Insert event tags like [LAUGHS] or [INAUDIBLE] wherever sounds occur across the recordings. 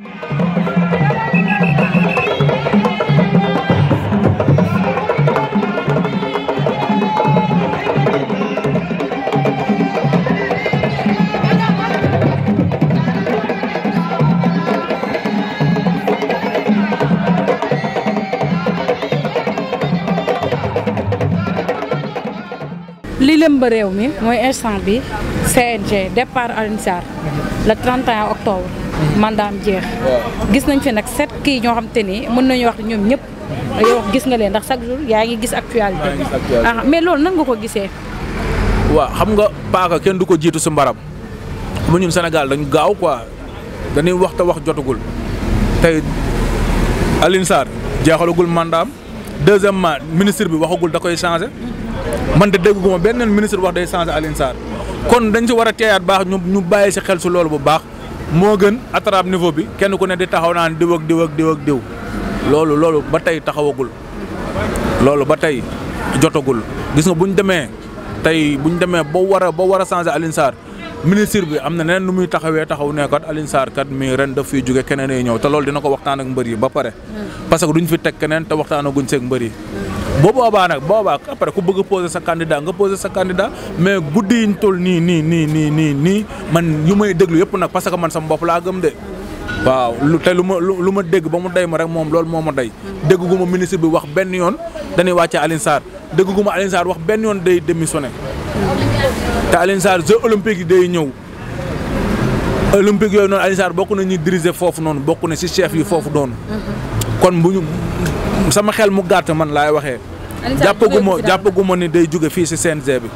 li lëmb réew mi mooy instant bi CNG départ Alioune Sarr le 31 octobre mandaam jeex gis nañ fee nag set kii ñoo xam te ni mën nañu wax ñoom ñëpp yow gis nga leen ndax chaque jour yaa ngi gis actualité ah mais loolu nan nga ko gisee waaw xam nga paaka kenn du ko jiitu si mbaram mu ñun Sénégal dañ gaaw quoi dañuy wax te wax jotagul tey Alioune Sarr jeexalagul mandaam deuxièmement ministre bi waxagul da koy changé man de dégguma benn ministre wax day changé Alioune Sarr kon dañ si war a teeyaat baax ñu ñu bàyyi si xel si loolu bu baax moo gën attrape niveau bi kenn ku ne di taxaw naan diw ak diw ak diw ak diw loolu loolu ba tey taxawagul loolu ba tey jotagul gis nga bu ñu demee tey bu ñu demee ba war a ba war a changer Alioune Sarr ministre bi am na neneen nu muy taxawee taxaw ne kat Alioune Sarr kat mi ren daf fiy jóge keneen ay ñëw te loolu dina ko waxtaan ak mbër yi ba pare. Hmm. parce que duñ fi teg keneen te waxtaanaguñ seeg mbër yi. bu boobaa nag boobaa après ku bëgg a poser sa candidat nga poser sa candidat mais guddi yiñ toll nii nii nii nii nii nii man yu may déglu yëpp nag parce que man sama bopp laa gëm de. waaw lu te lu ma lu ma dégg ba mu day ma rek moom loolu moo ma day hmm. dégg gu ma ministre bi wax benn yoon dañuy wàccee Alioune Sarr dégg gu wax benn yoon day démissionné te Alioune Sarr jeux olympiques yi day ñëw olympique yooyu noonu Alioune bokku bokk na ñuy diriger foofu noonu bokku na ci chef yi foofu noonu. kon bu ñu sama xel mu gàtt man laay waxee. jàppaguma jàppaguma ni day jóge fii si CNG bi.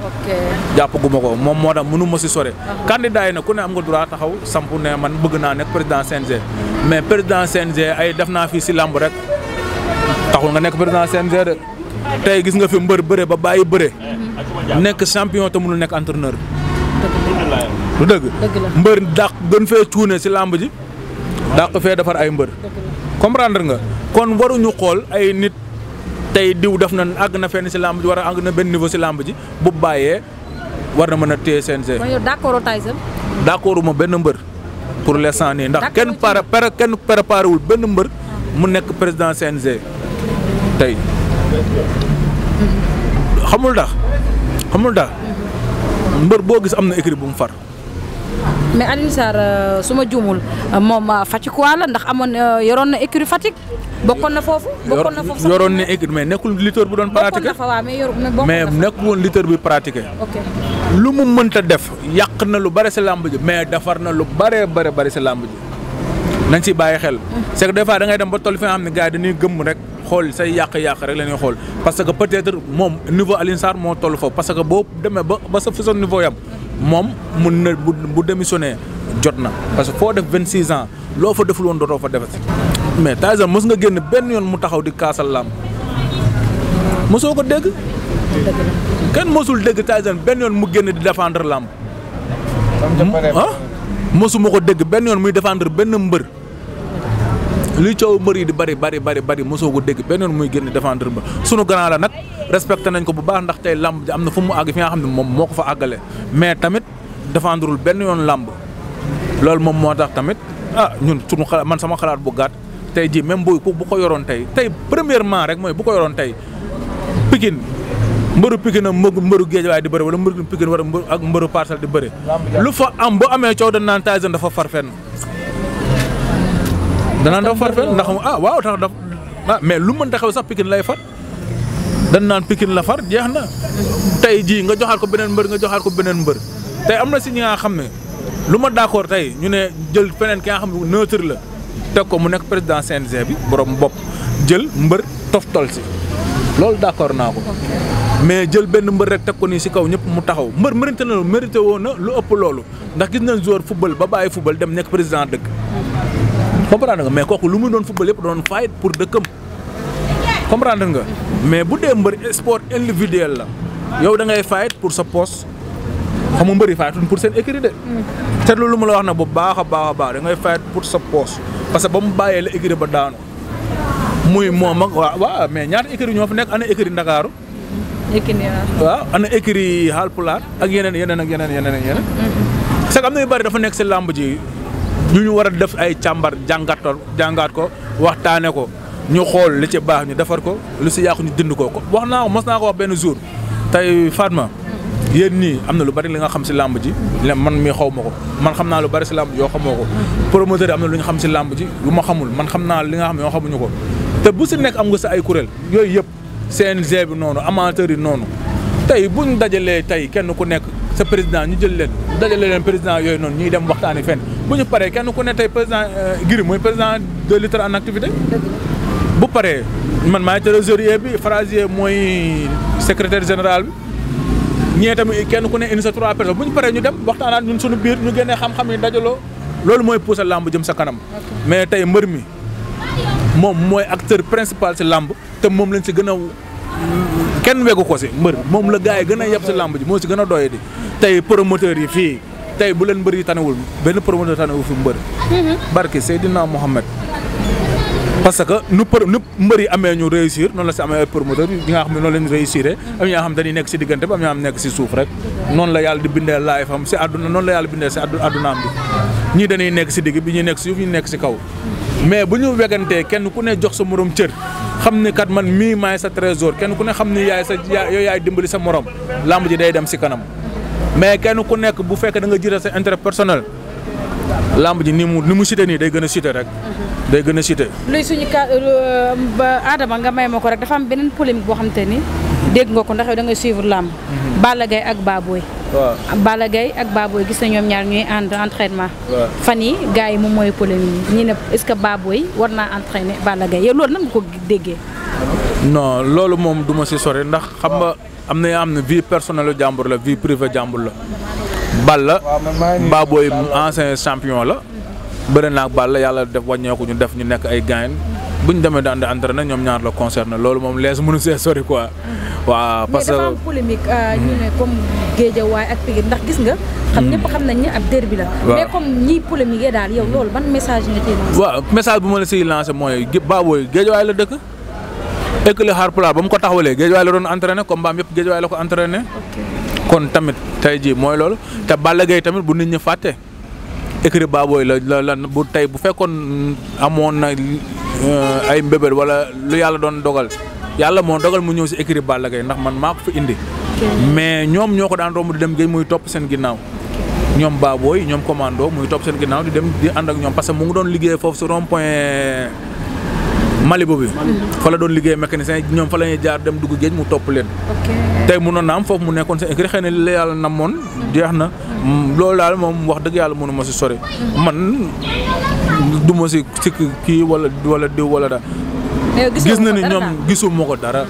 jàppaguma ko moom moo tax mënu ma ci sore. candidat yi ku ne am nga droit taxaw sampu ne man bëgg naa nekk président CNG. mais président CNG ay def naa fii si làmb rek taxul nga nekk président CNG tey gis nga fi mbër bëre ba bàyyi bëre nekk champion te mënul nekk entraîneur. lu dëgg mbër dàq gën fee cuune si làmb ji dàq fee defar ay mbër comprendre nga kon waruñu xool ay nit tey diw def na àgg na fenn si làmb ji war a àgg na benn niveau si làmb ji bu bàyyee war na mën a téye CNG d'accord ma benn mbër pour l'instant nii ndax kenn para para kenn préparé wul benn mbër mu nekk président CNG tey xamul tax xamul tax mbër boo gis am na écrit bu mu far. mais Alioune Sarr euh, su ma juumul euh, moom euh, Fatick waa la ndax amoon yoroon na écurie Fatick bokkoon na foofu. bokkoon na foofu yoroon na écurie mais nekkul lutteur bu doon pratiqué mais nekkul woon lutteur bi pratiqué. lu mu mënta def yàq na lu bare sa làmb ji mais defar na lu bare bare bare sa làmb ji. nañ si bàyyi xel c'est que des fois da ngay dem ba toll fi nga xam ne gars yi dañuy gëmm rek xool say yàq-yàq rek la ñuy xool parce que peut-être moom niveau Alioune Sarr moo toll foofu parce que boo demee ba ba sa fi sa niveau yam moom mun na bu bu démissionné jot na parce que foo def vingt six ans loo fa defuloon woon dootoo fa defati mais Tyson mos nga génn benn yoon mu taxaw di kaasal làmb mosoo ko dégg kenn mosul dégg Tyson benn yoon mu génn di défendre làmb mosuma ko dégg benn yoon muy défendre benn mbër li coow mbër yi di bari bari bari bari mosoo ko dégg benn yoon muy génn défendre mbër sunu grand la nag respecté nañ ko bu baax ndax tey làmb ji am na fu mu àgg fi nga xam ne moom moo ko fa àggale mais tamit défendrul benn yoon làmb loolu moom moo tax tamit ah ñun sunu xalaat man sama xalaat bu gàtt tey jii même bu bu ko yoroon tey tey premièrement rek mooy bu ko yoroon tey Pikine mbëru Pikine mbëru mbëru Guédiawaye di bëre wala mbëru Pikine war ak mbëru Parcelles di bëre lu fa am bu amee coow dañ naan Tyson dafa farfenn danaan dafa farfenn ndax ah waaw tax daf ah, mais lu mën ta xew sax lay far dañ naan Pikine la far jeex na tey jii nga joxaat ko beneen mbër nga joxaat ko beneen mbër tey am na si ñi nga xam ne lu ma d'accord tey ñu ne jël feneen ki nga xam ne neutre la teg ko mu nekk président CNG bi borom bopp jël mbër toftal si loolu d'accord naa ko mais jël benn mbër rek teg ko nii si kaw ñëpp mu taxaw mbër mérité na mérité woon na lu ëpp loolu ndax gis na joueur football ba bàyyi football dem nekk président dëkk comprendre nga mais kooku lu muy doon football yëpp doon fight pour dëkkam comprendre nga mais bu dee mbër sport individuel la yow da ngay fight pour sa poste xam nga mbër yi pour seen écurie de te lu mu la wax na bu baax a baax a baax da ngay fight pour sa poste parce que ba mu bàyyee la écurie ba daanu muy moom ak waaw waaw mais ñaata écurie ñoo fi nekk ana écurie Ndakaaru. écurie waaw ana écurie Halpulaar ak yeneen yeneen ak yeneen yeneen ak yeneen. parce mm-hmm. que am na yu bari dafa nekk si làmb ji ñu ñu war a def ay càmbar jàngat jàngat ko waxtaane ko ñu xool li ci baax ñu defar ko lu si yàqu ñu dindi ko ko wax naa ko mos naa ko wax benn jour tey Fatma. Mm-hmm. yéen nii am na lu bari li nga xam si làmb ji man mii xaw ma ko man xam naa lu bari ci làmb ji yoo xamoo ko mm-hmm. promoteur am na lu ñu xam ci làmb ji lu ma xamul man xam naa li nga xam yoo xamuñu ko te bu si nekk am nga sa ay kuréel yooyu yëpp CNG bi noonu amateur yi noonu tey bu ñu dajalee tey kenn ku nekk sa président ñu jël leen dajale leen président yooyu noonu ñuy dem waxtaani fenn bu ñu paree kenn ku ne tey président euh, Giri mooy président de litre en activité bu paree man maay trésorier bi Frazier mooy secrétaire général bi ñee tamit kenn ku ne une a trois personnes bu ñu paree ñu dem waxtaanaat ñun suñu biir ñu génnee xam-xam yi dajaloo loolu mooy puusal làmb jëm sa kanam mais tey mbër mi moom mooy acteur principal ci làmb te moom lañ ci gën a kenn wegu ko si mbër moom la gaa yi gën a yeb ci làmb ji moo ci gën a doy di tey promoteur yi fii tey bu leen mbër yi tanewul benn promoteur tanewul fi mbër mhm. barke Seydina Mohamed parce que nu për nu mbër yi amee ñu réussir noonu la si amee ay promoteurs yi nga xam ne noonu la ñu réussir am ñoo xam dañuy nekk si diggante ba am ñoo xam nekk si suuf rek noonu la yàlla di bindee laay fam si àdduna noonu la yàlla bindee si àddunaam nekk si digg bi ñuy nekk si suuf nekk si kaw mais bu ñu wegantee kenn ku ne jox sa moroom cër xam ni kat man mii maay sa trésor kenn ku ne xam ni yaay sa yooyu yaay dimbali sa morom làmb ji day dem si kanam mais kenn ku nekk bu fekkee da nga jiital sa intérêt personnel làmb ji ni mu ni mu cité nii day gën a cité rek. day gën a cité. luy suñu ka euh, Adama nga may ma ko rek dafa am beneen polémique boo xam te ni dégg nga ko ndax yow da ngay suivre làmb mhm. Balla Gaye ak Baboy waaw gay ak Baboy gis na ñoom ñaar ñuy ànd entraînement fan yi gars yi moom mooy polémique ñu ne est-ce que Baboy war naa entraîner Balla Gaye yow loolu nan nga ko déggee non loolu moom duma si sori ndax xam nga am na am na vie personnelle jàmbur la vie privée jàmbur la Balla Baboy ancien champion la bëri naa ak Balla yàlla def wàññeeku ñu def ñu nekk ay gain bu ñu demee daan di entraîné ñoom ñaar la concerné loolu moom lees mënu see sori quoi. Mhm. waaw parce que mais dafa am polémique euh, ñu mhm. ne comme Guédiawaye ak Pikine ndax gis nga. xam mhm. ñëpp xam nañ ne ab derby la. mais comme ñiy polémique daal yow loolu ban message nga ciy lancé. waaw message bu ma la siy lancé mooy Baboye Guédiawaye la dëkk. école Harpala ba mu ko taxawalee Guédiawaye la doon entraîné combat am yëpp Guédiawaye la ko entraîné. kon tamit tey jii mooy loolu. te Balla Gaye tamit bu nit ñi fàtte. écrit Baboye la la la bu tey bu fekkoon amoon na Euh, ay mbébét wala lu yàlla doon dogal yàlla moo dogal mu ñëw si écurie Balla Gaye ndax man maa ko indi. mais ñoom ñoo ko daan romb di dem géej muy topp seen ginnaaw. ñoom baabooy ñoom commando muy topp seen ginnaaw di dem di ànd ak ñoom parce que mu ngi doon liggéey foofu si rond point Malibu bi. fa la doon liggéey mécanicien ñoom fa la ñuy jaar dem dugg géej mu topp leen. tey mu na am foofu mu nekkoon seen écurie xëy na li la yàlla namoon. jeex na mm. loolu daal moom wax dëgg yàlla mënu ma si sori. Mm. man du ma si sikk kii wala wala diw wala da eh, gis na ni ñoom gisuma ko dara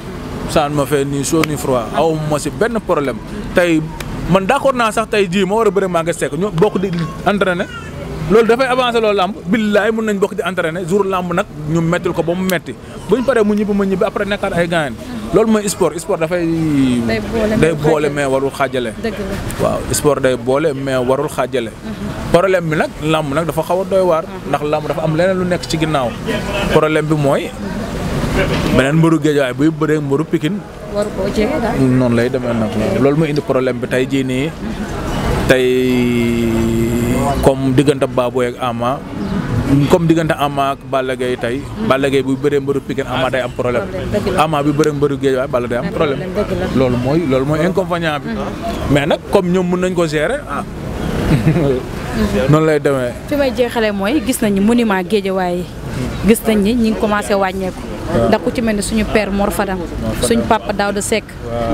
saan ma fee nii chaud ni froid ah. aw ma si benn problème tey man d'accord naa sax tey jii moo war a bëri Maguette Seck ñu bokk di entraîné loolu dafay avancé loolu làmb billaay mun nañ bokk di entraîné jour làmb nag ñu mettil ko ba mu metti ñu paree mu ñibbi ma ñibbi après nekkaat ay gaañ loolu mooy sport sport dafay. day boole mais warul xaajale. waaw sport day boole mais warul xaajale. Mhm. problème bi nag làmb nag dafa xaw a doy waar. Mhm. ndax làmb dafa am leneen lu nekk ci ginnaaw. problème bi mooy. Mhm. beneen mbëru géejawaay buy bëree mbëru pikin. noonu lay demee nag loolu mooy indi problème bi tey jii nii. tey comme diggante Baboye ak Ama. comme diggante Ama ak Balla Gaye tey Balla Gaye bu bëree mbëru Pikine Ama day am problème Ama bi bëree mbëru géej waaye Balla day am problème loolu mooy loolu mooy inconvénient bi mais nag comme ñoom mën nañ ko gérer ah [LAUGHS] noonu lay demee fi may jeexalee mooy gis nañu monument géej waaye gis nañ ni ñi ngi commencé wàññeeku ndax ku ci mel ni suñu per Mor Fadam suñu daw Daouda Seck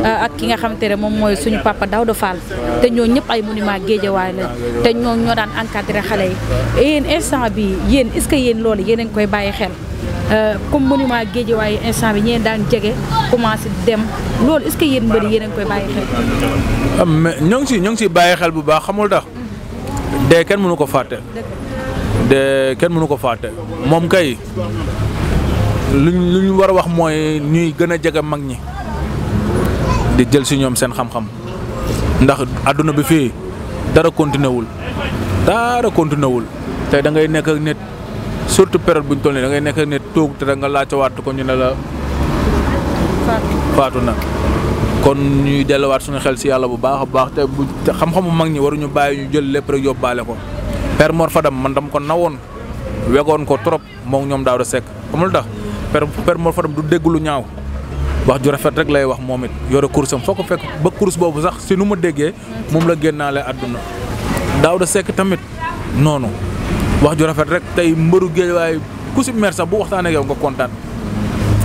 ah, ak ki nga xamante ne moom mooy suñu daw Daouda Fall te ñoo ñëpp ay monument géejawaay la te ñoo ñoo daan encadré xale yi yéen instant bi yéen est-ce que yéen loolu yéen a koy bàyyi xel euh, comme monument géejawaay instant bi ñeen daan jege commencé dem loolu est-ce que yéen mbëri yéen a koy bàyyi xel ah, mais ñoo ngi si ñoo ngi si bàyyi xel bu baax xamul tax de kenn mënu ko fàtte de kenn mënu ko fàtte moom kay luñ lu ñu war a wax mooy ñuy gën a jege mag ñi di jël si ñoom seen xam-xam ndax àdduna bi fii dara continué wul dara continué wul tey da ngay nekk ak nit surtout période bu ñu toll nii da ngay nekk nit toog te da nga laajte waat ko ñu ne la. waatu na kon ñuy delluwaat suñu xel si yàlla bu baax a baax te bu xam-xamu mag ñi waruñu bàyyi ñu jël lépp rek yóbbaale ko. Père Mor Fadam man dam ko nawoon wegoon ko trop moom ñoom daaw da sekk amul tax per per Morfadam du dégg lu ñaaw wax ju rafet rek lay wax moom it yore kursam foo ko fekk ba kurs boobu sax si nu ma déggee moom la génnaale àdduna da sekk tamit noonu wax ju rafet rek tey mbëru géej waaye ku si mer sax bu waxtaanee yow nga kontaan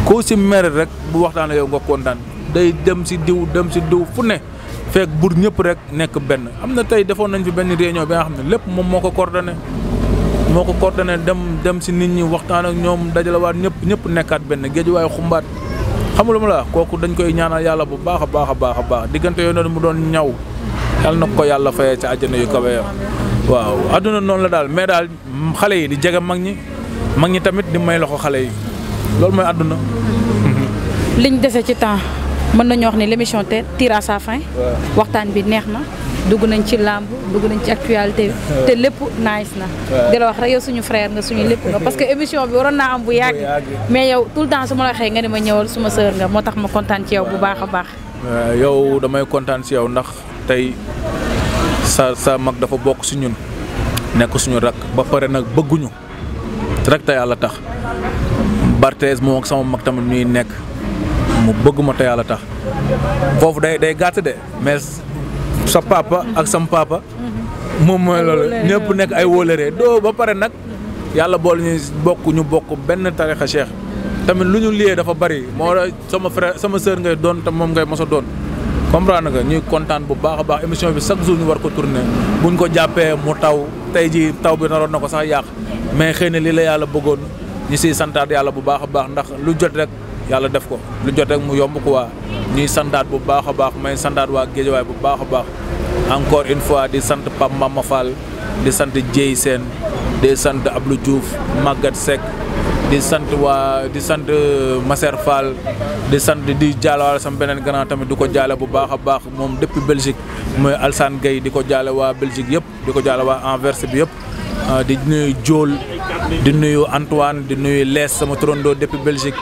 ku si rek bu waxtaanee yow nga kontaan day dem si diw dem si diw fu ne fekk buur ñëpp rek nekk benn am na tey defoon nañ fi benn réunion bi nga xam ne lépp moom moo ko coordonné. moo ko coordonné dem dem si nit ñi waxtaan ak ñoom dajalewaat ñëpp ñëpp nekkaat benn géej waaye xumbaat xam lu ma laa kooku dañ koy ñaanal yàlla bu baax a baax baax a baax diggante yooyu noonu mu doon ñaw yàlla na ko yàlla fayee ci àjjana yu kawe waaw adduna noonu la daal mais daal xale yi di jege mag ñi mag ñi tamit di may loxo xale yi loolu mooy adduna. liñ dese ci temps mën nañu wax ni l'émission te tire à sa waxtaan bi neex na. dugg nañ ci làmb dugg nañ ci actualité te lépp nice na di wax rek yow suñu frère nga suñu lépp nga parce que émission bi waroon naa am bu yàgg mais yow tout le temps su ma la waxee nga ne ma ñëwal suma sœur nga moo tax ma kontaan ci yow bu baax a baax yow damay kontaan ci yow ndax tey sa sa mag dafa bokk ci ñun nekk suñu rak ba pare nag bëgguñu rek te yàlla tax Barthez moom ak sama mag tamit ñuy nekk mu bëgg ma te yàlla tax foofu day day gàtt de mais sa papa ak sam papa. moom mooy loolu ñëpp nekk ay wóolëree doo ba pare nag yàlla bool ñu bokk ñu bokk benn tarixa cheikh tamit lu ñu liyee dafa bari moo sama frère sama sœur ngay doon te moom ngay mos a doon comprendre nga ñuy kontaan bu baax a baax émission bi chaque jour ñu war ko bu ñu ko jàppee mu taw tey ji taw bi naroon na ko sax yàq mais xëy na lii la yàlla bëggoon ñu siy santaat yàlla bu baax a baax ndax lu jot rek yàlla def ko lu jot rek mu yomb waa ñuy santaat bu baax a baax may santaat waa Géejawaay bu baax a baax encore une fois di sant Pape Mama Fall di sant Dieye Sène di sant Abdou juuf Maguette Seck di sant waa di sant euh, Maser Fall di sant di jaalewaale sama beneen grand tamit di ko jaale bu baax a baax moom depuis Belgique mooy Alsane Gueye di ko jaale waa Belgique yëpp di ko jaale waa Anvers bi yëpp euh, di nuyu Diol di nuyu Antoine di nuyu Lees sama turandoo depuis Belgique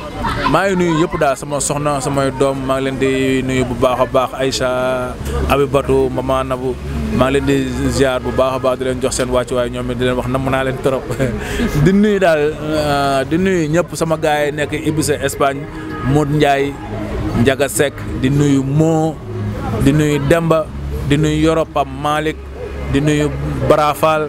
maa ngi nuyu yëpp daal sama soxna samay doom maa ngi leen di nuyu bu baax a baax Aïcha Abibatu Mama Nabu maa leen di ziar bu baax a baax di leen jox seen wàccuwaay ñoom it di leen wax namm naa leen trop [LAUGHS] di nuyu daal euh, di nuyu ñëpp sama gars yi nekk Ibiza Espagne Modou Ndiaye Ndiaga Seck di nuyu Moo di nuyu Demba di nuyu Yoropam Malick di nuyu Barafal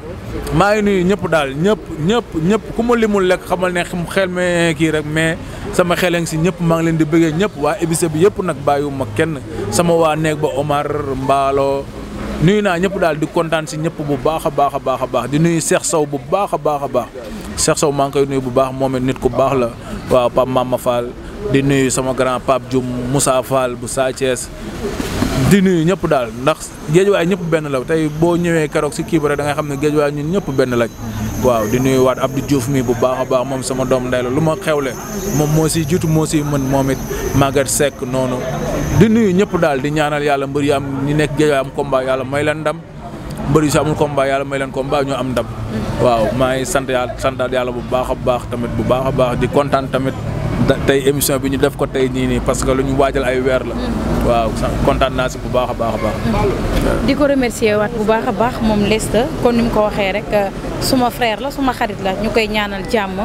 maa ngi nuyu ñëpp daal ñëpp ñëpp ñëpp ku ma limul lekk xamal ne xel me kii rek mais. sama xeleng si ñëpp maa ngi leen di bëggee ñëpp waa émission bi yëpp nag bàyyiwuma kenn sama waa neeg ba Omar Mbaalo nuyu naa ñëpp daal di kontaan si ñëpp bu baax a baax a baax a baax di nuyu Cheikh saw bu baax a baax a baax Cheikh saw maa ngi koy nuyu bu baax moom it nit ku baax la waa waaw maam ma Fall di nuyu sama grand Pape Dioum Moussa Fall bu Sa Thiès di nuyu ñëpp daal ndax geej waay ñëpp benn la tey boo ñëwee keroog si kii bi rek da xam ne géej waay ñun ñëpp benn lañ waaw di nuyuwaat Abdou Diouf mi bu baax baax moom sama doom ndey lu ma xewle moom moo siy jiitu moo siy mën moom it Maguette Seck noonu di nuyu ñëpp daal di ñaanal yàlla mbër yi am ñi nekk géej am combat yàlla may leen ndam mbër yi si amul combat yàlla may leen combat ñu am ndam waaw maa ngi sant yàlla santaat yàlla bu baax a baax tamit bu baax a baax di kontaan tamit tey émission bi ñu def ko tey nii nii parce que lu ñu waajal ay weer la waaw kontaan naa si bu baax a baax a baax di ko remercier waat bu baax a baax moom Lesta kon ni mu ko waxee suma frère la suma xarit la ñu koy ñaanal jàmm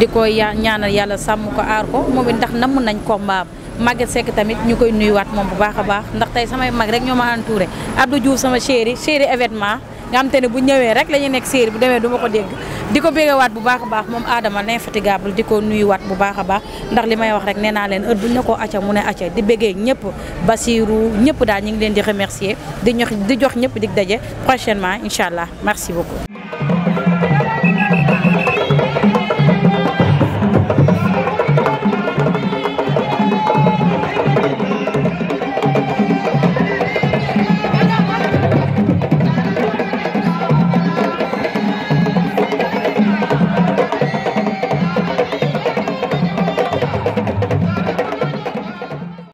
di ko ñaanal yàlla sàmm ko aar ko moom it ndax namm nañ kombaam Maguette Seck tamit ñu koy nuyuwaat moom bu baax a baax ndax tey samay mag rek ñoo ma entouré Abdou Diouf sama chéri chéri événement nga xam te ne bu ñëwee rek la ñuy nekk séeri bu demee du ko dégg di ko béggewaat bu baax a baax moom Adama l'infatigable di ko nuyuwaat bu baax a baax ndax li may wax rek nee naa leen heure bu ko acca mu ne acca di béggee ñëpp Basirou ñëpp daal ñu ngi leen di remercier di ñox di jox ñëpp dig daje prochainement incha allah merci beaucoup